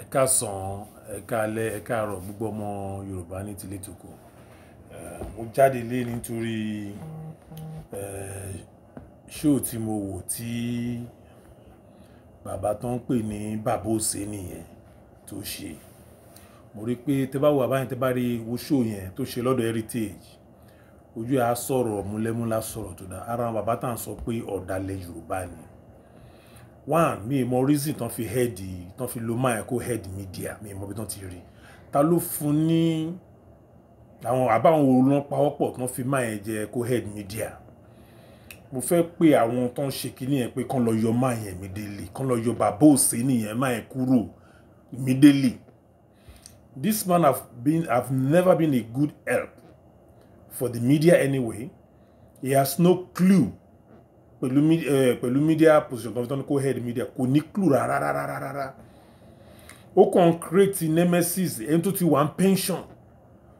Ẹ káàsán, ẹ káalẹ́, ẹ káàárọ̀ gbogbo ọmọ Yorùbá ní tilé toko. Mo jáde lé nítorí show tí mo wò tí bàbá tó ń pè ní Bàbá Òṣénì tó ṣe. Mo rí pé tẹ bá wo bàbá tẹ bá rí wo show yẹn tó ṣe lọ́dọ̀ Heritage, ojú ẹ á sọ̀rọ̀, múlẹ́múlá sọ̀rọ̀ tó dáa. Ara àwọn bàbá tá ń sọ pé ọ̀dàlẹ̀ Yorùbá ni one mi mọ reason tán fi head tán fi lo máa kó head media mi mọ bí tán ti rí ta ló fún ní àwọn àbáwọn olùrán pawọ́pọ̀ tán fi máa yẹn jẹ kó head media mo fẹ́ pé àwọn tó ń ṣe kinní yẹn pé kán lọ yọ máa yẹn mi délé kán lọ yọ bàbá òsè nìyẹn máa yẹn kúrò mi délé this man have been have never been a good help for the media anyway he has no clue pẹ̀lú pẹ̀lú media position kan tó ní kó head media kò ní clue rárá rárá rárá ó kàn create nemesis ẹni tó ti wà ń pension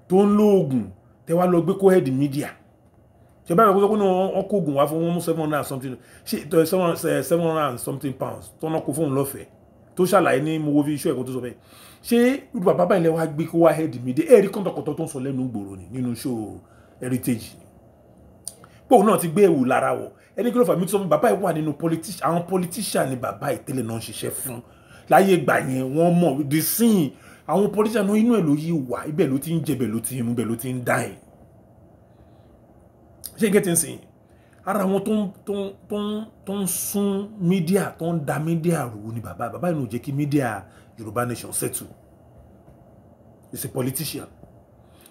tó ń lo oògùn tẹ wá lọ gbé kó head media ṣe báyìí kókó ní wọn kó oògùn wá fún wọn mú seven hundred and something ṣe seven hundred and something pounds tọ́nà kó fóun lọ́fẹ̀ẹ́ tó ṣàlàyé ní mo wo fi iṣẹ́ ẹ̀kọ́ tó sọ bẹ́ẹ̀ ṣé irú bàbá báyìí lẹ wá gbé kó wá head media ẹ̀ẹ́dì kọ́ńtọ̀kọ̀tọ̀ tó ń sọ lẹ́nu gbòòrò ni nínú show heritage pé òun náà ti gbé ẹ̀wù lára wọ̀ ẹni kí ló fà mí tó sọ fún bàbá yìí wà nínú politician àwọn politician ni bàbá yìí tẹ́lẹ̀ náà ń ṣiṣẹ́ fún láyé ìgbà yẹn wọ́n mọ̀ the sin àwọn politician náà inú ẹ̀ ló yí wà ibẹ̀ ló ti ń jẹ ibẹ̀ ló ti ń mu ibẹ̀ ló ti ń dá ẹ̀ ṣé n kẹ́ ti ń sìn ara wọn tó ń sún mídíà tó ń da mídíà rú ni bàbá bàbá yìí ló jẹ́ kí mídíà Yorùbá nation settle is a politician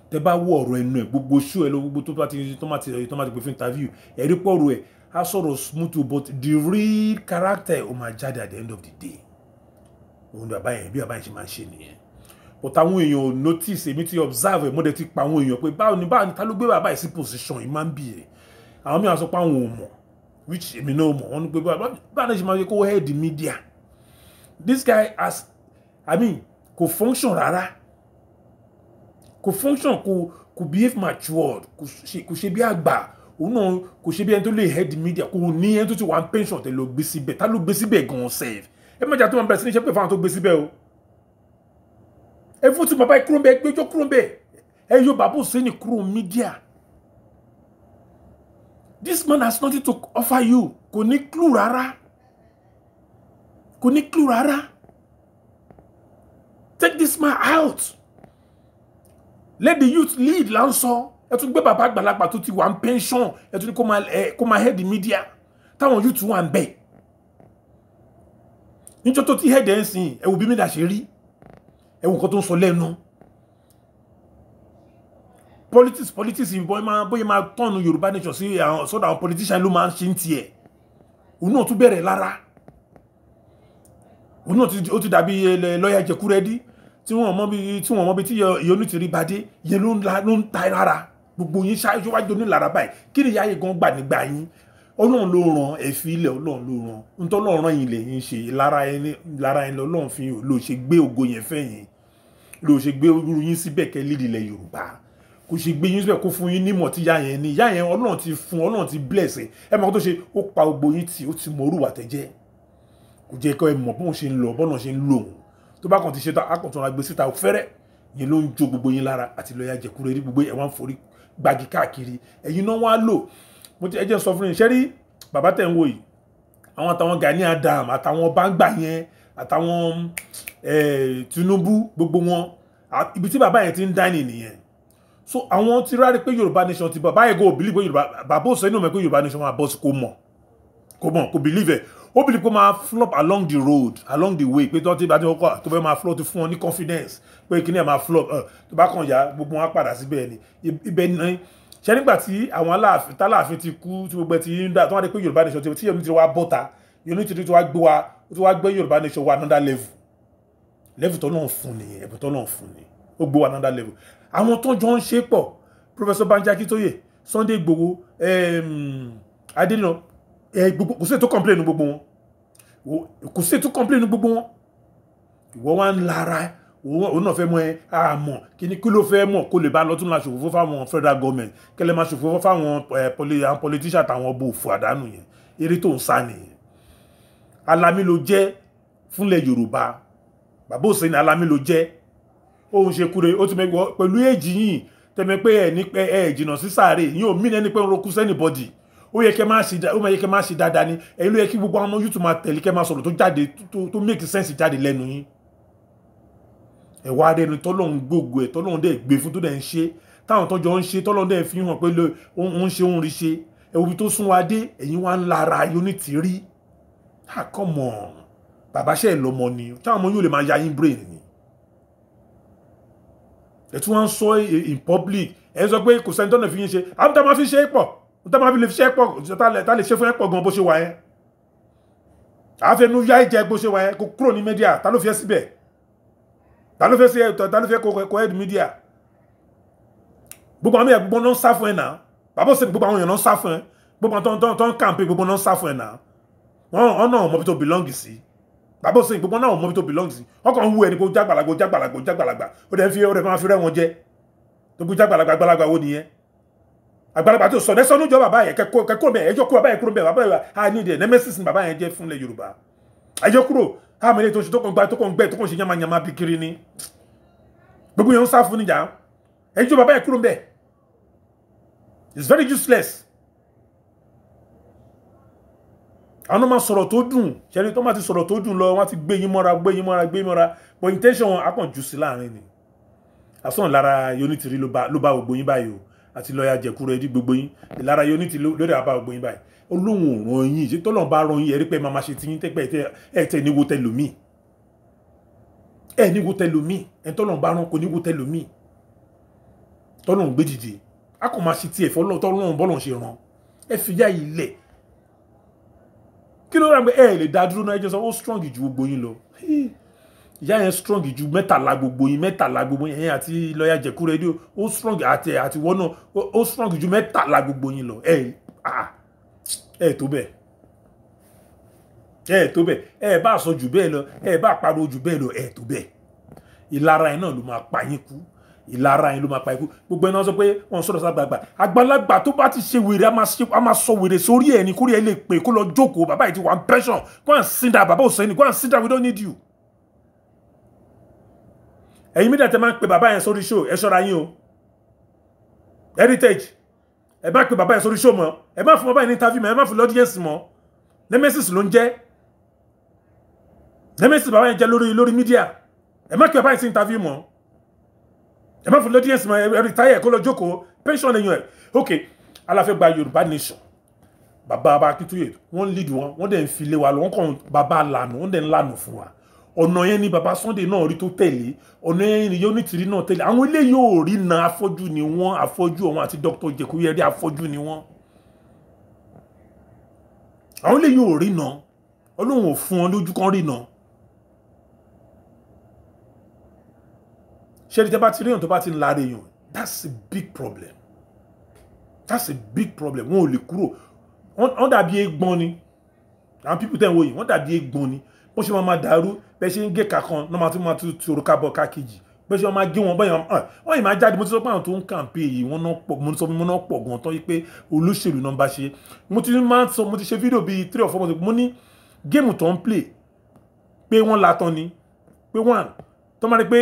tẹ bá wọ ọ̀rọ̀ ẹnu ẹ gbogbo ṣú ẹ lọ gbogbo tó bá ti tó má ti fún interview ẹ rí pọ̀rọ̀ ẹ á sọ̀rọ̀ smooth but the real character ó máa jáde at the end of the day òun ni bàbá yẹn bí bàbá yẹn ṣe máa ń ṣe nìyẹn but àwọn èèyàn ò notice èmi ti observe ẹ̀ mọ́dẹ̀ ti pa àwọn èèyàn pé báwo ni báwo ni you ló gbé bàbá yìí sí position you máa ń bì ẹ̀ àwọn mìíràn sọ pé àwọn ò mọ̀ which èmi náà mọ̀ wọ́n ní pé báwo ni ṣe máa ṣe kó head media this guy has i mean kò function rárá kò function kò kò behave matured kò ṣe bí àgbà òun náà kò ṣe bí ẹni tó lè head media kò ní ẹni tó ti wà ń pension tẹ lọ gbé síbẹ̀ tá ló gbé síbẹ̀ gan-an sef ẹ mọ̀jà tó máa bẹ̀rẹ̀ sí ní iṣẹ́ pé fáwọn tó gbé síbẹ̀ o ẹ fún ti bàbá kúrò bẹ́ẹ̀ gbẹjọ́ kúrò bẹ́ẹ̀ ẹ yọ bàbá òsèǹnì kúrò media this man has nothing to offer you kò ní clue rárá kò ní clue rárá take this man out let the youth lead là ẹ tún gbé bàbá àgbàlagbà tó ti wà ń pension ẹ tún ní kó máa ẹ kó máa head media táwọn youth wà ń bẹ̀ níjọ́ tó ti head ẹ̀ ń sìn ẹ wò bí mídà ṣe rí ẹ wò nǹkan tó ń sọ lẹ́nu politics politics ìbọn máa bóyá máa tọ́nu Yorùbá nation sí àwọn sọ́dọ̀ àwọn politician ló máa ń ṣe ń tiẹ̀ òun náà tún bẹ̀rẹ̀ lára òun náà ó ti dàbí lọ́ọ̀yà jẹkúrẹ́dí tí wọ́n mọ̀ bí tí wọ́n mọ̀ bí tí yọ̀ọ́nù ti rí bàdé yẹn ló ń ta lára gbogbo yín ṣáájú wájú onílára báyìí kí ni ìyá yìí gan gbà nígbà yín ọlọ́run ló ràn ẹ̀fí ilẹ̀ ọlọ́run ló ràn nítorí ọlọ́run ràn yín lẹ́yìn ṣe lára ẹni lọ́lọ́run fi lò ṣe gbé ògo yẹn fẹ̀yìn lò ṣe gbé irú yín síbẹ̀ kẹ́ lídìí ilẹ̀ yorùbá kò ṣe gbé yín síbẹ̀ kó fún yín nímọ̀ tí ìyá yẹn ní ìyá yẹn ọlọ́run ti fún ọlọ́run ti bless ẹ ẹ máa tó ṣe ó pa gbogbo yín tì ó ti mọ orúwà tẹ́jẹ́ kò jẹ́ kọ́ ẹ mọ̀ bọ́n ṣe ń lọ bọ́n ṣe ń lò tó bá kàn ti ṣe tá a kàn tún ra gbé síta fẹ́rẹ́ yẹn ló ń jó gbogbo yín lára àti lọ́ọ̀yà jẹ̀kúrò rí gbogbo ẹ̀wọ̀n forí gbági káàkiri ẹ̀yin náà wá lò mo ti ẹjẹ́ sọ fún yín ṣẹ́rí bàbá tẹ̀ ń wò yìí àwọn àtàwọn Gani Adam àtàwọn bangba yẹn àtàwọn Tinubu gbogbo wọn ibi tí bàbá yẹn ti ń dání nìyẹn so àwọn ti rárí pé Yorùbá nation ti bàbá yẹn kò bìlí pé Yorùbá bàbá ò sọ inú mẹ pé Yorùbá nation máa bọ́ sí kò mọ̀ kò mọ̀ kò bìlí ó bìlì pé ó máa flop along the road along the way pé tó ti bá ti kọ́ tó fẹ́ máa flop tó fún ọ ní confidence pé kíní ẹ̀ máa flop tó bá kàn yá gbogbo wọn á padà síbẹ̀ ni ibẹ̀ ni ṣe nígbà tí àwọn aláàfin táláàfin ti kú tí gbogbo ẹ ti ń dà tó wá dé pé Yorùbá nation tí Yẹmí ti wá bọ́ta Yẹmí ti wá gbé wa ó ti wá gbé Yorùbá nation wa another level level tó náà fún ni ẹ̀bùn tó náà fún ni ó gbé wa another level àwọn tó jọ ń ṣe pọ̀ Professor Banjaki Akíntóyè Sunday Igboho um, Adédìran ẹ eh, gbogbo kò sí ètò complain nu gbogbo wọn kò sí ètò complain nu gbogbo wọn ìwọ wa ń lara òun náà fẹ́ mọ ẹ àmọ́ kíni kí ló fẹ́ mọ̀ kó lè bá lọ tún la ṣòfófó fáwọn federal government kẹlẹ́ máa ṣòfófó fáwọn eh, àwọn politician àtàwọn ọbọ̀ òfò àdánù yẹn eré tó ń sá nìyẹn alami ló jẹ́ fúnlẹ̀ Yorùbá bàbá òsèlú alami ló jẹ́ òun ṣe kúre ó ti mẹ́gbọ́ pẹ̀lú èjì yìí tẹ́mẹ́ pé ẹ̀ ní pẹ́ ẹ̀ jìnnà sí sáré yìí ò mí ní pé ń roku sẹ́nìbọ́dì ó yẹ kẹ́ máa ṣe ó máa yẹ kẹ́ máa ṣe dáadáa ni ẹ̀yin ló yẹ kí gbogbo àwọn ọmọ YouTube máa tẹ̀lé kẹ́ máa sọ̀rọ̀ tó jáde tó make sense jáde lẹ́nu yín ẹ̀wọ́ adé ni tọ́lọ́hún gbogbo ẹ̀ tọ́lọ́hún dẹ̀ gbé fún tó dẹ̀ ń ṣe táwọn tọ́jọ́ ń ṣe tọ́lọ́hún dẹ̀ fi hàn pé ó ń ṣe ó ń rí ṣe ẹ̀wọ́bi tó sún wa dé ẹ̀yin wa ń lara onítìrí ah come on bàbá ṣe lọmọ ni táwọn ọmọ yóò lè máa ya yín brain ni ẹ̀ tí wọ́n ń sọ in public ẹ̀ ń sọ pé kò sẹ́ni tọ́nà fi yín ṣe àbúta máa fi ṣe é pọ̀ tó máa fi lè ṣe pọ̀ tá lè ṣe fún ẹ pọ̀ gan bó ṣe wà yẹn àáfẹnú yá ìjẹ bó ṣe wà yẹn kó kúrò ní mídíà ta ló fẹ́ síbẹ̀ ta ló fẹ́ sí ẹ̀tọ́ ta ló fẹ́ kó ẹ̀dì mídíà gbogbo àwọn ẹ̀gbọ́n náà ń sá fún ẹ̀ náà bàbá òsèlú gbogbo àwọn èèyàn náà ń sá fún ẹ̀ gbogbo àwọn tó ń tó ń kàǹpé gbogbo náà ń sá fún ẹ̀ náà wọn ọ̀nà ọmọbi tó bìlọ́ǹgì sí bàbá òsèlú gbogbo náà ọmọbi tó bìlọ́ǹgì sí ọkàn wú ẹni kó jágbàlagbà jágbàlagbà jágbàlagbà ó dẹ̀ fi ó dẹ̀ máa fi rẹ́ wọn jẹ tó gbogbo jágbàlagbà gbàlagbà wo nìyẹn àgbàlagbà tó sọ nẹsọ níjọ bàbá yẹn kẹkọ kẹkọ bẹ ẹjọ kó bàbá yẹn kúrò bẹ bàbá yẹn a ní ìdè nemesis ni bàbá yẹn jẹ fúnlẹ̀ yorùbá ẹjọ kúrò àmì ètò òṣù tó kàn gba tó kàn gbẹ tó kàn ṣe yamayama bí kiri ni gbogbo yẹn ń sá fún níjà ẹjọ bàbá yẹn kúrò bẹ it's very useless àwọn máa sọ̀rọ̀ tó dùn ṣẹ́ni tó máa ti sọ̀rọ̀ tó dùn lọ wọ́n ti gbé yín mọ́ra gbé yín mọ́ra gbé yín mọ́ra but intention akàn sí láàrin ni àsán lára unitary ló bá gbogbo báyìí o àti lọ́ọ̀yà jẹ̀kúrò ẹdí gbogbo yín ìlara yóò ní ti lórí àbá gbogbo yín báyìí olóhùn òràn yín ṣé tọ́lọ̀ bá ran yín ẹ̀rí pé máa ṣe tiyín tẹ́pẹ́ ẹ̀ tẹ́ ní wo tẹlómi ẹ̀ ní wo tẹlómi ẹ̀ tọ́lọ̀ bá ran kò ní wo tẹlómi tọ́lọ̀ ń gbé dìde a kò máa ṣe tiẹ̀ fọlọ́ tọ́lọ̀ bọ́lọ̀ ṣe ran ẹ fi yá ilẹ̀ kí ló rà pé ẹ lè dá dúró náà ẹ jẹ́ sọ ó strong ju gbogbo yín lọ ìyá yẹn strong ju mẹ́tàlá gbogbo yín mẹ́tàlá gbogbo yín ẹ̀yin àti lọ́ọ̀yà jẹ̀kú rédíò ó strong àti àti wọ́n náà ó strong ju mẹ́tàlá gbogbo yín lọ ẹ̀ ẹ̀ tó bẹ́ẹ̀ ẹ̀ tó bẹ́ẹ̀ ẹ̀ bá sọ jù bẹ́ẹ̀ lọ ẹ̀ bá pariwo jù bẹ́ẹ̀ lọ ẹ̀ tó bẹ́ẹ̀ ìlara yẹn náà ló máa pa yín kú ìlara yẹn ló máa pa ikú gbogbo ẹni wọn sọ pé wọn sọ̀rọ̀ sàgbàgbà àgbàlagbà tó bá ti ṣe wèrè a máa sọ wèrè sórí ẹ ní kórè ẹ lè pè kó lọ jókòó bàbá yìí ti wà ń kó à ń sin da bàbá òsèǹdì kó à ń sin da we don't need you ẹ̀yin mídíà tẹ máa ń pe bàbá yẹn sórí show ẹ ṣọ́ra yín o heritage ẹ má pe bàbá yẹn sórí show mọ́ ẹ má fún bàbá yẹn ní interview mọ́ ẹ má fún lọ́díẹ̀nsì mọ́ nemesis ló ń jẹ́ nemesis bàbá yẹn jẹ́ lórí lórí media. ẹ má pe bàbá yẹn sí interview mọ́ ẹ má fún lọ́díẹ̀nsì mọ́ ẹ retire kó lọ jókòó pension ẹ̀yàn ẹ̀ ok aláfẹ́ gba yorùbá nation bàbá bá Akíntóyè wọ́n lead wọn wọ́n dẹ̀ ń fi lé wa lọ wọ́n kàn bàbá lànà wọ́n dẹ̀ ń lànà fún wa ọ̀nà yẹn ni baba Sunday náà rí tó tẹ̀lé ọ̀nà yẹn ni Onítìrí náà tẹ̀lé àwọn eléyìí ò rí na afọ́jú ni wọ́n afọ́jú ọ̀hún àti Dr. Jekuyeri afọ́jú ni wọ́n àwọn eléyìí ò rí na ọlọ́run ò fún ọ lójú kan rí na ṣé ẹni tẹ́ bá ti rí èèyàn tó bá ti ń lára èèyàn that's a big problem that's a big problem wọn ò lè kúrò wọ́n dàbí egbọn ni àwọn pípù tẹ̀ ń wòye wọ́n dàbí egbọn ni bó ṣe máa ma dàrú bẹ́ ṣe ń gé ka kan náà máa tún máa tún tòrò ká bọ̀ ká kejì bẹ́ ṣe máa gé wọn bẹ́yàn ah, wọ́n yìí máa jáde mo ti sọ pé àwọn tó ń kàǹpé yìí wọ́n náà pọ̀ mo sọ mo náà pọ̀ gan tán yìí pé olóṣèlú náà bá ṣe mo ti máa sọ mo ti ṣe fídíò bíi three or four months mo ní géèmù tó ń play pé wọ́n la tán ni pé one tó máa ní pé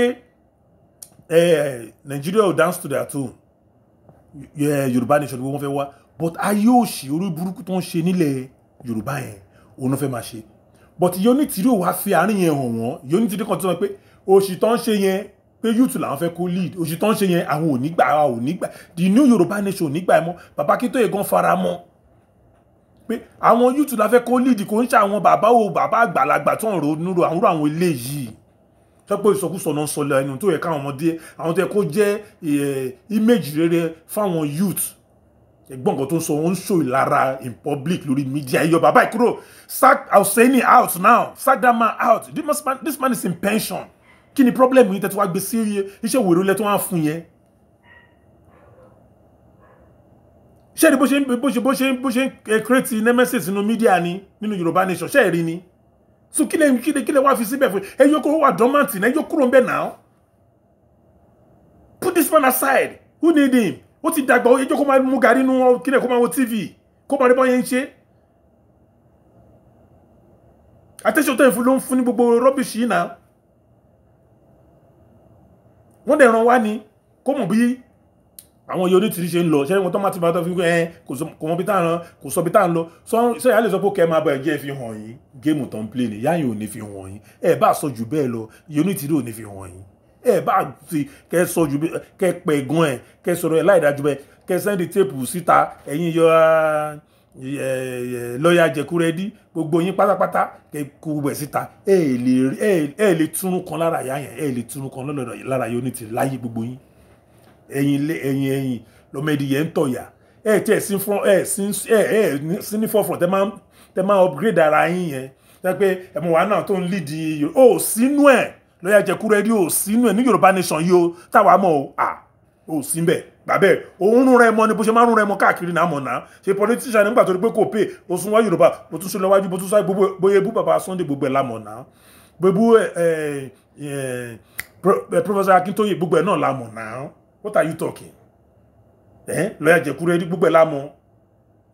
eh, Nigeria ò dance to their tune Yorùbá nation gbogbo wọn fẹ́ wá but ayé òṣì orí burúkú tó ń ṣe nílẹ̀ Yorùbá yẹn òun náà fẹ́ máa ṣe but Yonitiri ò wá fi àárín yẹn hàn wọ́n Yonitiri kan tó sọ pé òṣì tó ń ṣe yẹn pé youth làwọn fẹ́ kó lead òṣì tó ń ṣe yẹn àwọn ò ní gbà àwọn ò ní gbà the new Yorùbá nation ò ní gbà ẹ mọ́ bàbá Akíntóyè gan fara mọ́ pé àwọn youth la fẹ́ kó lead kò ń ṣe àwọn bàbá o bàbá àgbàlagbà tó ń ronú ro àwọn àwọn eléyìí sọ pé ìsọkúsọ náà sọ lẹ́nu tó yẹ káwọn ọmọdé àwọn tó yẹ kó jẹ́ eh, image rere fáwọn youth ẹ̀gbọ́n kan tó ń sọ wọn ń ṣò ìlara in public lórí media ẹ yọ bàbá ẹ kúrò sack Hussaini out now sack that man out this man, this man is in pension kí ni problem yìí tẹ́tí wá gbé sí iṣẹ́ wèrè lẹ́tọ́ wá fún yẹn. ṣé ẹni bó ṣe bó ṣe bó ṣe bó ṣe ń eh, create nemesis nínú media ni nínú Yorùbá nation ṣé ẹ ni so kí lè kí lè kí lè wá fi síbẹ̀ fún ẹ yóò kó wà dormant ẹ yóò kúrò ń bẹ̀ náà put this man aside who need him ó ti dàgbà ẹjọ́ kó máa mú gàrí nínú kílẹ̀ kó máa wo tv kó máa rí bọ́ yẹn ń ṣe attention tó yẹn fún ló ń fún ní gbogbo rubbish yìí náà wọ́n dẹ̀ ràn wá ní kó mọ̀ bí àwọn yóò ní tìrí ṣe ń lọ ṣẹ́rí wọn tó máa ti bá tó fi ẹ kò mọ̀ bí tá à ń lọ kò sọ bí tá à ń lọ sọ ìyá lè sọ pé kẹ́ máa bá ẹ̀jẹ̀ fi hàn yín géèmù tó ń plé ni yáyìn ò ní fi hàn yín ẹ̀ bá sọ jù bẹ́ẹ̀ lọ yóò ní tìrí ò ní fi hàn yín ẹ bá ti kẹ sọ ju kẹ pẹ gan ẹ kẹ sọ̀rọ̀ ẹ láì dájú bẹ kẹ sẹ́ndì téèpù síta ẹ̀yin yọ lọ́ọ̀yà jẹkúrẹ́dí gbogbo yín pátápátá kẹ kú bẹ̀ síta ẹ ẹ lè túnú kan lára yá yẹn ẹ lè túnú kan lára yóò ní ti láyé gbogbo yín ẹ̀yin ẹ̀yin ẹ̀yin lọ́mọdé yẹn ń tọ̀yà ẹ tí ẹ sí front ẹ sí ẹ ẹ sí ní forefront ẹ máa tẹ máa upgrade ara yín yẹn tẹ pé ẹmọ wàá náà tó ń lead yìí ó sínú ẹ lọ́yà jẹ́kú rẹ́díò sínú ẹ̀ ní yorùbá nation yìí o táwa mọ̀ o à ò sí bẹ́ẹ̀ bàbẹ́ òun rún rẹ mọ ni bó ṣe máa rún rẹ mọ káàkiri náà mọ̀ náà ṣe politician nígbà tó rí pé kò pè ó sún wá yorùbá bó tún ṣe lọ́wájú bó tún sáré bóyá bú bàbá Sunday gbogbo ẹ̀ lámọ̀ náà gbogbo ẹ̀ professor Akintoye gbogbo ẹ̀ náà lámọ̀ náà what are you talking ẹ̀ lọ́yà jẹ́kú rẹ́díò gbogbo ẹ̀ lámọ̀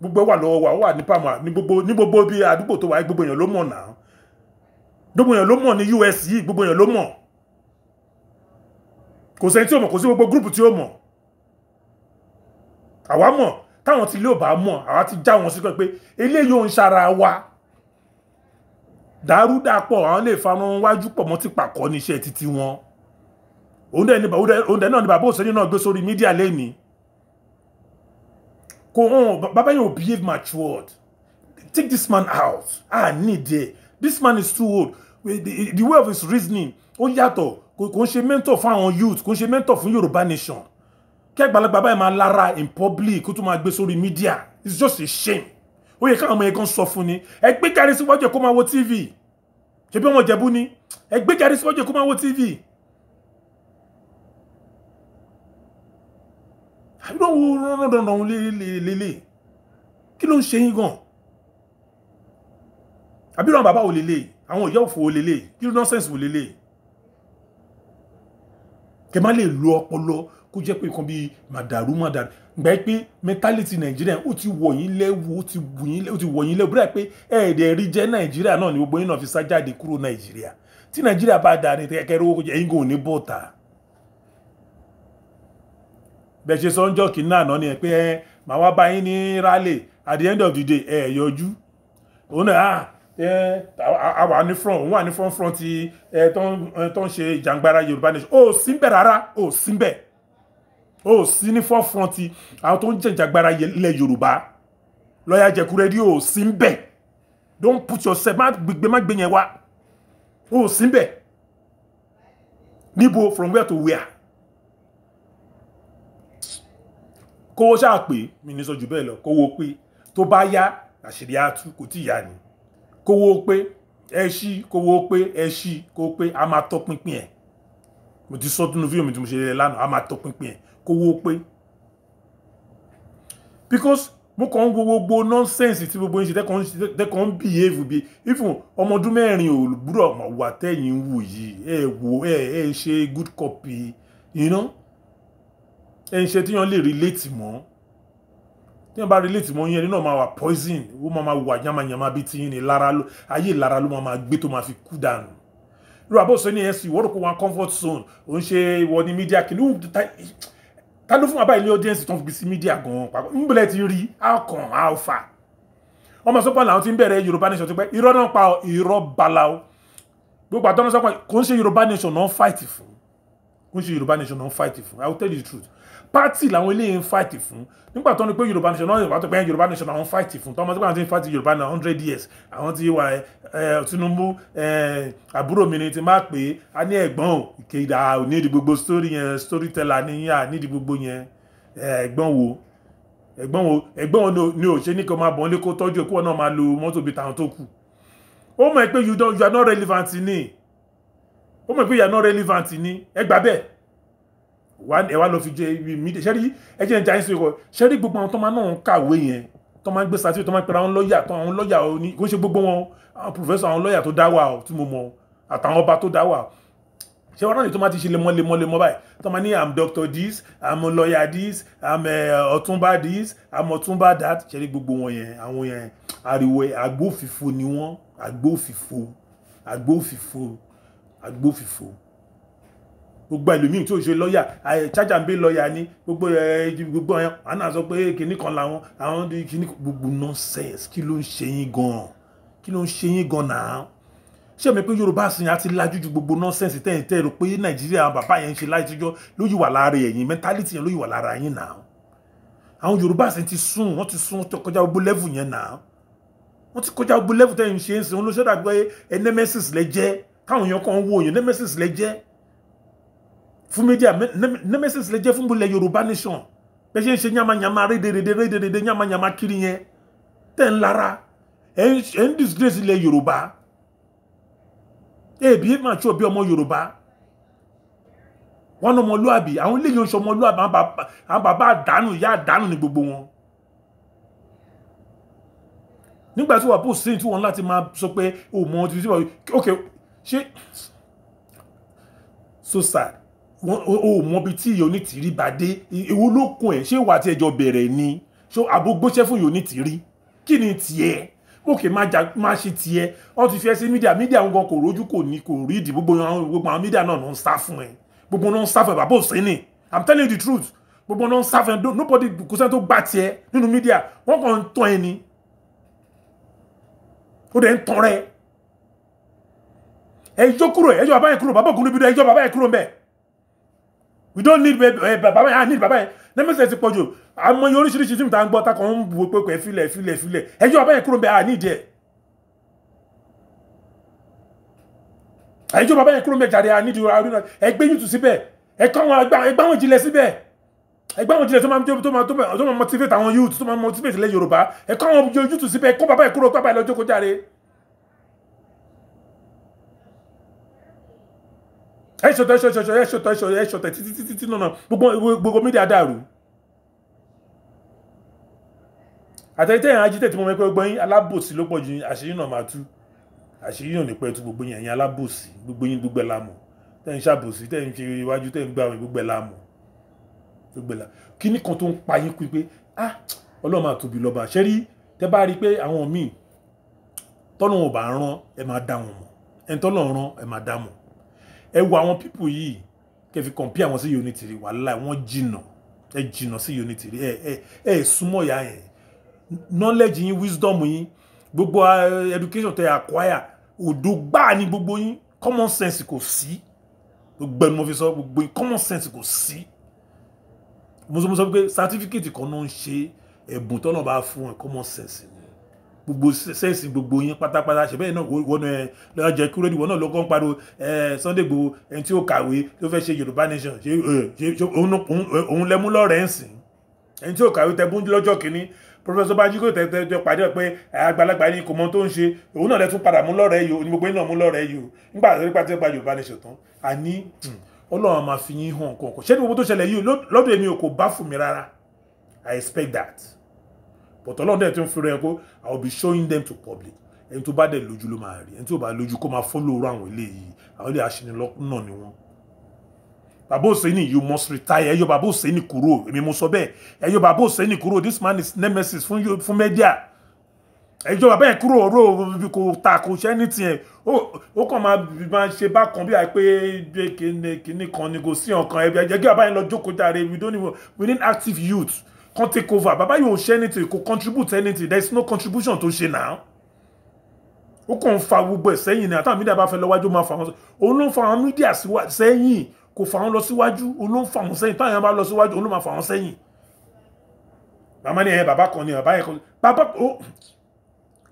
gbogbo wà lọ́wọ́ wa ó wà ní pàmò ní gbogbo bí àdúgbò tó wà gbogbo èèyàn ló mọ̀ náà gbogbo èèyàn ló mọ̀ ní US yìí gbogbo èèyàn ló mọ̀ kò sẹ́ni tí ó mọ̀ kò sí gbogbo gúrùpù tí ó mọ̀ àwa mọ̀ táwọn tí ilé ò bá mọ̀ àwa ti já wọn sí pé eléyìí ò ń ṣara wa dàrúdàpọ̀ àwọn lè farun wájú pọ̀ mọ́ ti pàkọ́ ní iṣẹ́ títí wọn òun dẹ̀ náà ni bàbá òṣèré náà gbé sórí mídíà lẹ́ni kò hàn bàbá yóò behave matured take this man out ah need there this man is too old the, the way of his reasoning ó yàtọ̀ kò ń ṣe mentor fún àwọn youth kò ń ṣe mentor fún Yorùbá nation kí àgbàlagbà báyìí máa lára in public kó tún máa gbé sórí media it's just a shame ó yẹ káwọn ọmọ yẹn kan sọ fún ni ẹ gbé gàrí síwájú ẹ kó máa wo tv ṣebí ọmọ Ìjẹ̀bú ni ẹ gbé gàrí síwájú ẹ kó máa wo tv àbí náà wo rọ́nàdọ̀nà lélẹ̀ kí ló ń ṣe yín gan àbí náà bàbá ò lélẹ̀ yìí àwọn ìyá òfò lélẹ̀ irú nọ́sẹ̀nsì wò lélẹ̀ kẹ má lè lo ọpọlọ kó jẹ́ pé nǹkan bíi màdàrú màdàrú gbà pé mẹtálítì nàìjíríà ó ti wọ̀ yín lẹ́wọ̀ ó ti wọ̀ yín lẹ́wọ̀ bíra pé ẹ̀ẹ́dẹ̀ rí jẹ́ nàìjíríà náà ni gbogbo yín náà fi sá jáde kúrò nàìjíríà tí nàìjíríà bá da ni kẹkẹrẹ owó ẹ̀yin kò ní bọ́ọ̀tà bẹ́ẹ̀ ṣe sọ́njọ́ kì náà náà ni ẹ̀ pé ẹ̀ màá wá bá yín ní rálẹ̀ at the end of the day ẹ̀ yọjú òun náà ah, àwa ní front òun wà ní front front ti tó ń ṣe ìjàngbara yorùbá nation ó síbẹ̀ rárá ó síbẹ̀ ó sí ní front front ti àwọn tó ń jẹ̀jàgbara ilẹ̀ yorùbá lọ́yà jẹ̀kúrẹ́dì ó síbẹ̀ don't put yourself má gbé má gbé yẹn wá ó síbẹ̀ níbo from where to where kówó ṣáà pé mi ní sọ jù bẹ́ẹ̀ lọ kówó pé tó bá yá àṣírí àtú kò tí ì ni kówó pé ẹ ṣí kówó pé ẹ ṣí kówó pé a máa tọpinpin ẹ̀ mo ti sọ nínú fíìmù tí mo ṣe lánàá a máa tọpinpin ẹ̀ kówó pé because mo kàn ń wo gbogbo nonsense tí gbogbo yín ṣe tẹ́kọ̀ ń behave bí even ọmọ ọdún mẹ́rin ò gbúdọ̀ mọ̀ wà tẹ́yìn ń wù yìí ẹ wò ẹ ẹ ṣe good copy you know ẹ ń ṣe tíyan lè relate mọ́ tí wọ́n bá relate mọ́ yín ẹni náà máa wà poison ó máa máa wà yamayama bíi ti yín ni lára ló ayé lára ló máa máa gbé tó máa fi kú dànù irú àbọ̀sọ ní ẹ̀sìn ìwọ́n kò wá comfort zone òun ṣe ìwọ ní media kìlú ta ló fún wa báyìí ní audience tó ń fi sí media gan-an papọ̀ ń bẹ̀rẹ̀ ti rí akàn alpha wọ́n máa sọ́pọ̀ làwọn ti ń bẹ̀rẹ̀ Yorùbá nation ti pẹ́ irọ́ náà pa irọ́ balawo gbogbo àtọ́nà sọ́pọ̀ kò ń ṣe Yorùbá nation náà fight fún kò ń ṣe Yorùbá nation náà fight fún I will tell you the truth party làwọn eléyìí ń fight fún nígbà tó ní pé yorùbá nation náà yorùbá tó pé yorùbá nation àwọn fight fún tọ́mọ tó pé àwọn ti ń fight yorùbá náà hundred years àwọn ti wà tinubu àbúrò mi ni ti máa pè á ní ẹ̀gbọ́n ò kéda ò ní ìdí gbogbo story yẹn story teller ní yà ní ìdí gbogbo yẹn ẹ̀gbọ́n wo ẹ̀gbọ́n wo ẹ̀gbọ́n wo ni ò ṣe ní kí o máa bọ̀ nílé kó tọ́jú ẹ̀kú náà máa lo mọ́tò bíi tàwọn tó kù ó mọ̀ you are not relevant ni ó mọ̀ pé you are not relevant ni ẹ gbà ẹ wá lọ fi jẹ ibi mídíà ṣẹ́rí ẹ jẹ́ ìjà ìṣòro ṣẹ́rí gbogbo àwọn tó máa náà ń kàwé yẹn tó máa ń gbé sátírì tó máa ń pera àwọn lọ́ọ̀yà tó àwọn lọ́ọ̀yà ní kó ṣe gbogbo wọn àwọn pòfẹ́sọ̀ àwọn lọ́ọ̀yà tó dá wà tí mo mọ̀ àtàwọn ọba tó dá wà ṣé wọn náà ni tó máa ti ṣe lemọ́ lemọ́ lemọ́ báyìí tó máa ní am doctor this am lawyer this am eh, ọ̀túnba this am ọ̀túnba that ṣẹ́rí gbogbo wọn yẹn àwọn yẹn ariwo agbófìfo ni wọ́n agbófìfo agbófìfo agbófìfo gbogbo ẹlòmíì tí ò ṣe lọ́ọ̀yà chájà ń bẹ lọ́ọ̀yà ni gbogbo gbogbo ẹ̀ wọn náà sọ pé kinní kan làwọn àwọn kinní gbogbo nonsense kí ló ń ṣe yín gan-an kí ló ń ṣe yín gan-an náà ṣé mi pé yorùbá sin àti lajú ju gbogbo nọ́sẹ̀nsì tẹ́ ẹ̀ tẹ́ rò pé nàìjíríà bàbá yẹn ń ṣe láìsíjọ́ ló yìí wà lára ẹ̀yìn mẹ́ntálítì yẹn ló yìí wà lára yín náà àwọn yorùbá sin ti sùn wọ́n ti sùn kọjá gbogbo lẹ́vù yẹn náà wọ́n ti kọjá gbogbo lẹ́vù tẹ́ ṣe ń sìn olóṣèlú àgbẹ̀ ẹ̀ nemesis lẹ jẹ́ táwọn èèyàn kan ń wo èèyàn nemesis fún media nemesis lè jẹ́ fún gbogbo ilẹ̀ yorùbá nation bẹ́ẹ̀ ṣe ń de de rédèrèdè rédèrèdè yamayama kiri yẹn tẹ̀ ń lara ẹ̀ ń disgrace ilẹ̀ yorùbá èbí máa tí ò bí ọmọ yorùbá wọn ọmọlúàbí àwọn ilé yóò ṣe ọmọlúàbí àwọn bàbá àdánù ìyá àdánù ní gbogbo wọn nígbà tí wà bó sí tí wọn láti máa sọ pé o mọ ti ti wà ok ṣe so sad o mọbi tí Onítìrí bá dé èwo ló kun ẹ̀ ṣé ìwà tí ẹjọ́ bẹ̀rẹ̀ ni ṣó àbógbóṣẹ́ fún Onítìrí kí ni tiẹ̀ òkè máa ṣe tiẹ̀ wọ́n ti fi ẹ́ sí mídíà mídíà ń gan kò rójú kò ní kò rí ìdìbò gbogbo àwọn mídíà náà ló ń sá fún gbogbo náà ń sá fún ẹ bàbá òsínì i'm telling you the truth gbogbo náà ń sá nobody kò sẹ́ni to gbà tiẹ̀ nínú mídíà wọ́n kàn ń tán ẹni ó dẹ̀ ń tán rẹ ẹ yọ kúrò ẹ yọ bàbá yẹn kúrò bàbá ògùn níbi dẹ ẹ yọ we don't need bàbá eh, yẹn i need bàbá yẹn nemesis ti pọ̀jù àmọ́ yẹn oríṣiríṣi tí mo ta ń gbọ́ ta kàn ń wo pé filẹ̀ filẹ̀ filẹ̀ ẹjọ́ bàbá yẹn kúrò ń bẹ i need ẹ̀ ẹjọ́ bàbá yẹn kúrò ń bẹ i need you. ọdún náà ẹgbẹ́ yìí tù síbẹ̀ ẹ̀kọ́ àwọn ẹgbàwọn ìjìnlẹ̀ síbẹ̀ ẹgbàwọn ìjìnlẹ̀ tó máa tó máa tó máa motivate àwọn youth tó máa motivate ilẹ̀ Yorùbá ẹ̀kọ́ àwọn ojú tù síbẹ̀ ẹ̀kọ́ bàbá yẹn kúrò pápá ẹ̀ lọ́jọ́ ẹ ṣòtọ ẹ ṣòtọ ẹ ṣòtọ ẹ ṣòtọ ẹ ṣòtọ títí títí títí náà gbogbo gbogbo mídíà dàrú. àtẹ̀yìntẹ̀ yẹn ajídẹ̀ tí mo mọ̀ pé gbogbo yín alábòsí ló pọ̀ ju àṣírí náà máa tú àṣírí náà ní pẹ́ tú gbogbo yín ẹ̀yin alábòsí gbogbo yín gbogbo ẹ̀ lámù tẹ̀yìn ṣàbòsí tẹ̀yìn ṣe iwájú tẹ̀yìn gbà wọ́n gbogbo ẹ̀ lámù gbogbo ẹ̀ lámù kíní kan tó ń pa yín kú pé ah ọlọ́run máa tóbi lọ́ba ṣé rí tẹ́ bá rí pé àwọn míì tọ́nù wọn ò bá rán ẹ máa dá wọn mọ̀ ẹ̀ tọ́nù rán ẹ máa dá wọn mọ̀ ẹ wo àwọn pípù yìí kẹ́ fi compare àwọn sí Unitary wàláhì wọ́n jìnà ẹ jìnà sí Unitary ẹ ẹ ẹ súnmọ́ ìyá yẹn knowledge yín wisdom yín gbogbo uh, education tẹ́ acquire òdo gbáà ni gbogbo yín common sense kò sí gbogbo ẹni mo fi sọ gbogbo yín common sense kò sí mo sọ pé certificate kan ló ń ṣe ẹ̀bùn tọ́nà bá fún ẹ common sense gbogbo sẹ́ẹ̀sì gbogbo yín pátápátá ṣe bẹ́ẹ̀ náà wọnú ẹ lọ́jọ́ jẹ́ kúrò níwọ̀n náà lọ́kọ́ ń pariwo Sunday Igboho ẹni tí ó kàwé tó fẹ́ ṣe Yorùbá nation ṣe òun lẹ́mú lọ́rẹ̀ ń sìn ẹni tí ó kàwé tẹ́bú lọ́jọ́ kínní Professor Banjiko tẹ́tẹ́jọ pàdé pé àgbàlagbà ni kò mọ tó ń ṣe òun náà lẹ́tún padà mú lọ́rẹ̀ yìí ní gbogbo iná mú lọ́rẹ̀ yìí nígbà tó nípa tẹ́pa Yorùbá nation tán àní hmm, Ọlọ́run máa fi yín hàn kọ̀ọ̀kan ṣé ní gbogbo tó ṣẹlẹ̀ yìí lọ́dọ̀ èmi ò kò bá fún mi rárá I expect that but ọlọ́run dẹ̀ tó ń fẹ́ràn yẹn pé i will be showing them to public ẹni tó bá dẹ̀ lójú ló máa rí ẹni tó bá lójú kó máa follow orú àwọn eléyìí àwọn ilé aṣinilọ́nà ni wọ́n. bàbá Oseni you must retire ẹ yọ bàbá Oseni kúrò èmi mo sọ bẹ́ẹ̀ ẹ yọ bàbá Oseni kúrò this man is nemesis fún fún media ẹ yọ bàbá yẹn kúrò ọ̀rọ̀ kò ta kò ṣe anything ẹ ó kàn máa ṣe bákan bí i pé kan ni kò sí ọ̀kan ẹ jẹ́ kí bàbá yẹn lọ jókòó jáde we don't even we need active youth kan take over Baba, yìí ò ṣe anything kò contribute anything there is no contribution to ṣe now. ó kàn ń fa gbogbo ẹ̀ sẹ́yìn ni àtàwọn mídíà bá fẹ́ lọ wájú máa fa wọn òun ló ń fa àwọn mídíà sẹ́yìn kò fa wọn lọ síwájú òun ló ń fa wọn sẹ́yìn táwọn bá lọ síwájú òun ló máa fa wọn sẹ́yìn màmá ni ẹ bàbá kan ni bàbá yẹn kan bàbá ó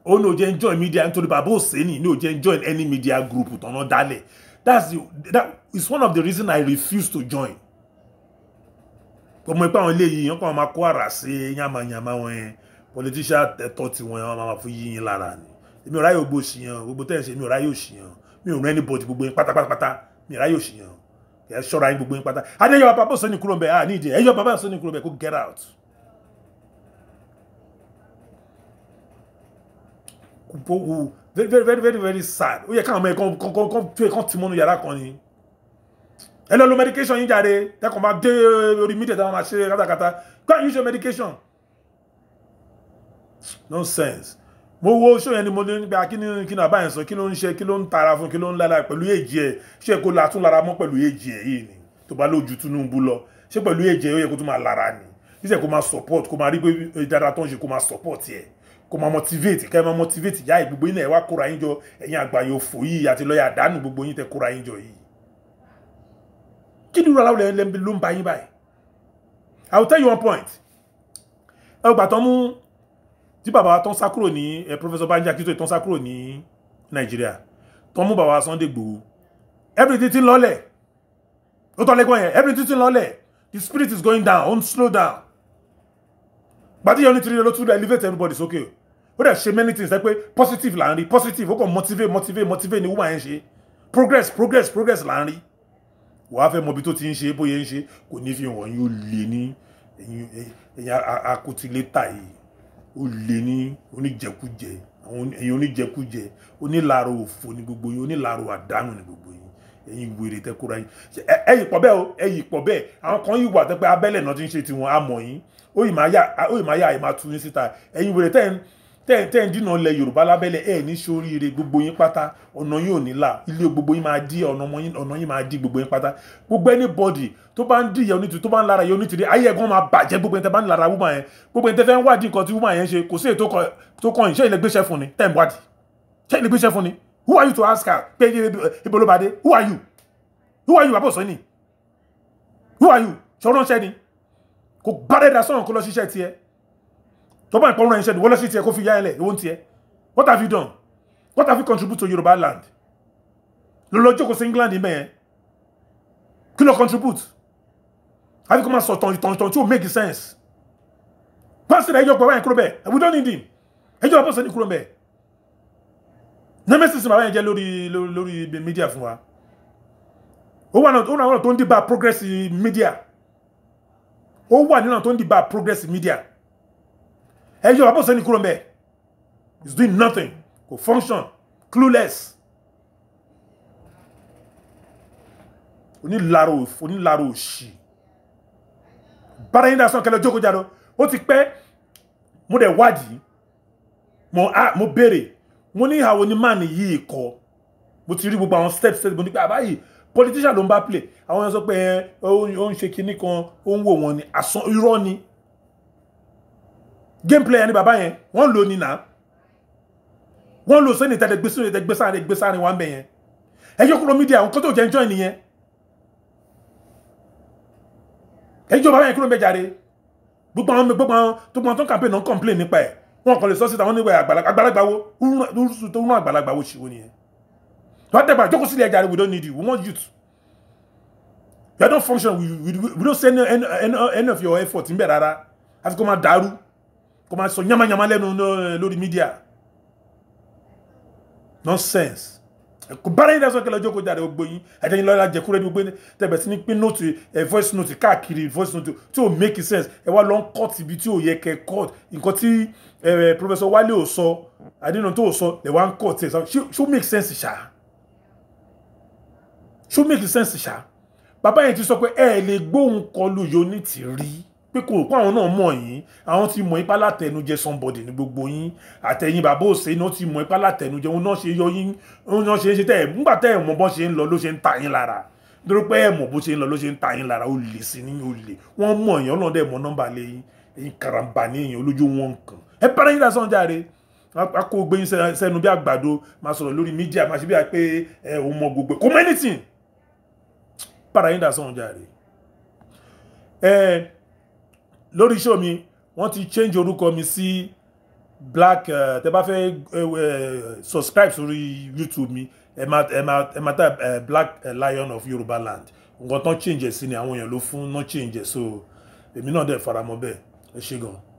ó ní òjẹ́ join media nítorí bàbá òsèní ní òjẹ́ join any media group tọ́nà dálẹ̀ that's the that is one of the reason I refuse to join gbọmọ ipá àwọn eléyìí yẹn kàn máa kó àrà sí yàmàyàmà wọn yẹn politician tẹ́tọ́ tí wọn yẹn máa fún yíyín lára ni èmi ò ráyè ògbó ṣìyàn gbogbo tẹ́ ẹ̀ ṣe mi ò ráyè òṣìyàn mi ò rẹ́ anybody gbogbo yín pátápátá mi ò ráyè òṣìyàn ẹ ṣọ́ra yín gbogbo yín pátá adéyọ bàbá sọ ní kúrò mbẹ ah nídìí ẹyọ bàbá sọ ní kúrò mbẹ kó get out very very very very sad ó yẹ káwọn ọmọ ẹ kàn kàn kàn tún ẹ kàn tì mọ́nú yàrá kan ni ẹ lọ lo medication yín jáde tẹkùn eh, máa dé orí mídìí táwọn máa ṣe kátàkátà go and use your medication nonsense mo wo ṣó yẹn ni mo ní pé kí ni kí ni àbá yẹn sọ kí ló ń ṣe kí ló ń tara fún kí ló ń lára pẹ̀lú èjì ẹ̀ ṣé kó la tún lára mọ́ pẹ̀lú èjì ẹ̀ yìí ni tó bá lójú Tinubu lọ ṣé pẹ̀lú èjì ẹ̀ ó yẹ kó tún máa lára ni ṣíṣe kó máa support kó máa rí pé eh, dáadáa tó ń ṣe kó máa support ẹ̀ kó máa motivate kẹ́ ẹ máa motivate yá ẹ̀ gbogbo yín náà ẹ wá kóra yín jọ ẹ̀yin àgbà yóò fò yìí àti lọ́ọ̀yà àdánù gbogbo yín tẹ kóra yín jọ yìí kí ni ìrọ̀lá ló ń ba yín báyìí i will tell you one point ẹgbà tán mú tí bàbá tán sá ní ẹ eh, professor Banji Akintoye tán sá kúrò ní nàìjíríà tán mú bàbá Sunday Igboho everything ti ń lọ́lẹ̀ ó tọ́ lẹ́gbọ́n yẹn everything ti ń lọ́lẹ̀ the spirit is going down on slow down gbàdíyẹ onítìrí ló tún elevate everybody sókè ó dẹ̀ ṣe many things ẹ pé positive là positive ó kàn motivate motivate motivate ni woman yẹn ṣe progress progress progress là wàá fẹ́ mọ ibi tó ti ń ṣe bóyá ń ṣe kò ní fi hàn yín ó lè ní ẹ̀yin akutilétà yìí ó lè ní oníjẹkújẹ ẹ̀yin oníjẹkújẹ onílàrò òfò ní gbogbo yín onílàrò àdánù ní gbogbo yín ẹ̀yin wèrè tẹ́kúra yín ẹ̀yin pọ̀ bẹ́ẹ̀ o ẹ̀yin pọ̀ bẹ́ẹ̀ àwọn kan yìí wà tẹ́pẹ́ abẹ́lẹ̀ náà ti ń ṣe tiwọn àmọ́ yín ó ì máa yà ó máa yà yín síta ẹ̀yin wèrè tẹ́ tẹ́ẹ̀ tẹ́ẹ̀ dínà ilẹ̀ yorùbá lábẹ́lẹ̀ ẹ̀ ní sóríire gbogbo yín pátá ọ̀nà yín ò ní là ilé gbogbo yín máa dí ọ̀nà yín máa dí gbogbo yín pátá gbogbo anybody tó bá ń dìyà onítìrí tó bá ń lára yẹn onítìrí ayé ẹ̀gbọ́n máa bàjẹ́ gbogbo yẹn tẹ́ bá ń lára wúmà yẹn gbogbo yẹn tẹ́ fẹ́ ń wádìí nǹkan tí wúmà yẹn ṣe kò sí èyí tó kàn yín ṣé ilé gbéṣẹ́ fún who are you to ask her pé ibo ló bá dé who are you who are you àbọ̀sọ́ ni who are you ṣọ́ránṣẹ́ ni kò gbárẹ́dà sọ̀rọ̀ kó lọ ṣiṣẹ́ tiẹ̀ tọ́ba ìpọ́nrán iṣẹ́ ìwọ́lẹ́ sí tiẹ̀ kó fi yá ẹlẹ̀ ìwọ́n tiẹ̀ what have you done what have you contribute to Yorùbá land ló lọ jókòó sí England mẹ́ẹ̀ kí ló contribute have you come and sọ tàn ìtàn ìtàn tí ò make sense pásítọ̀ ẹ̀yọ́ pẹ̀lú ẹ̀kúrò bẹ́ẹ̀ we don't need him ẹ̀yọ́ pẹ̀lú ẹ̀kúrò bẹ́ẹ̀ nemesis bàbá yẹn jẹ́ lórí lórí media fún wa ó wà náà tó ń dìbà progress media ó wà nínú tó ń dìbà progress media ẹ yọ bàbá òsèlú kúrò mbẹ he's doing nothing kò function clueless onílàrò onílàrò òṣì bára yín dásán kẹlẹ jókòó jáde ó ti pẹ́ mo dẹ̀ wádìí mo a mo béèrè mo ní ìhàwọ ní máà nìyí ikọ mo ti rí gbogbo àwọn steps steps mo ní pé àbáyìí ah, politician ló ń bá play àwọn yẹn sọ pé eh, ó ń ṣe kinní kan ó ń wò wọn ni àsán irọ́ ni game player ni bàbá yẹn wọ́n lò ní náà wọ́n lò sẹ́ni tẹ́lẹ̀ gbé sínú ìtẹ́gbé sáàrin gbé sáàrin wọn bẹ̀ yẹn ẹjọ́ kúrò mídíà àwọn kótó jẹ́ ń join nìyẹn ẹjọ́ bàbá yẹn kúrò ń bẹ jàre gbogbo àwọn gbogbo àwọn tó gbọ́n tó ń kàpé náà complain nípa ẹ̀ wọ́n kàn lè sọ síta wọn níwẹ̀ àgbàlagbà wo rúrùsù tó rún àgbàlagbà wo ṣìwò nìyẹn wọ́n dẹ̀gbà jókòó sílẹ̀ jàre we don't need you we want youth you don't function we, we, we don't send any, any, any of your effort ń bẹ̀ rárá àti kó máa dàrú kò máa sọ yamayama lẹ́nu eh, lórí mídíà nonsense kò bára yín lẹ́sọ̀ kẹlẹ́ ọjọ́ kó jáde gbogbo yín ẹ̀jẹ̀ yín lọ́la jẹ̀kúrẹ́ ní gbogbo yín tẹ̀bẹ̀ sí ní pín nóòtù ẹ̀ eh, voice note káàkiri voice note tí ò make sense ẹ̀ wá long cut ibi tí ò yẹ kẹ́ cut nǹkan tí eh, professor Wale ò sọ adínà tó ò sọ lẹ̀ wá ń cut ẹ̀ ṣó make sense ṣá ṣó make sense ṣá bàbá yẹn ti sọ pé ẹ lè gbóhùn kọlu yóò ní tì rí pé kò kó àwọn náà mọ̀ yín àwọn ti mọ̀ ipá látẹnujẹ somebody ní gbogbo yín àtẹ̀yìn bàbá òsè náà ti mọ̀ ipá látẹnujẹ òun náà ṣe yọ yín òun náà ṣe é ṣe tẹ̀ nígbà tẹ̀ mọ̀ bọ́ ṣe ń lọ ló ṣe ń ta yín lára nítorí pé ẹ̀ mọ̀ bó ṣe ń lọ ló ṣe ń ta yín lára ó lè sí ní ó lè wọ́n mọ̀ èèyàn náà dẹ̀ mọ̀ nọ́mbà lé yín èyìn karamba ní èèyàn olójú wọn kan ẹ bára yín lásán járe akó gbé yín sẹ́nu bí àgbàdo máa sọ̀rọ̀ lórí mídíà máa ṣe bí i pé ẹ ò mọ̀ gbogbo kò mọ anything yín lásán járe lórí show mi wọ́n ti change orúkọ mi sí black eh, tẹ bá fẹ́ eh, eh, subscribe sórí youtube mi ẹ máa ẹ máa ẹ máa ta black lion of Yoruba land nǹkan tán change ẹ̀ sí ni àwọn èèyàn ló fún náà change ẹ̀ so èmi náà dẹ̀ faramọ́ bẹ́ẹ̀ ẹ ṣe gan-an.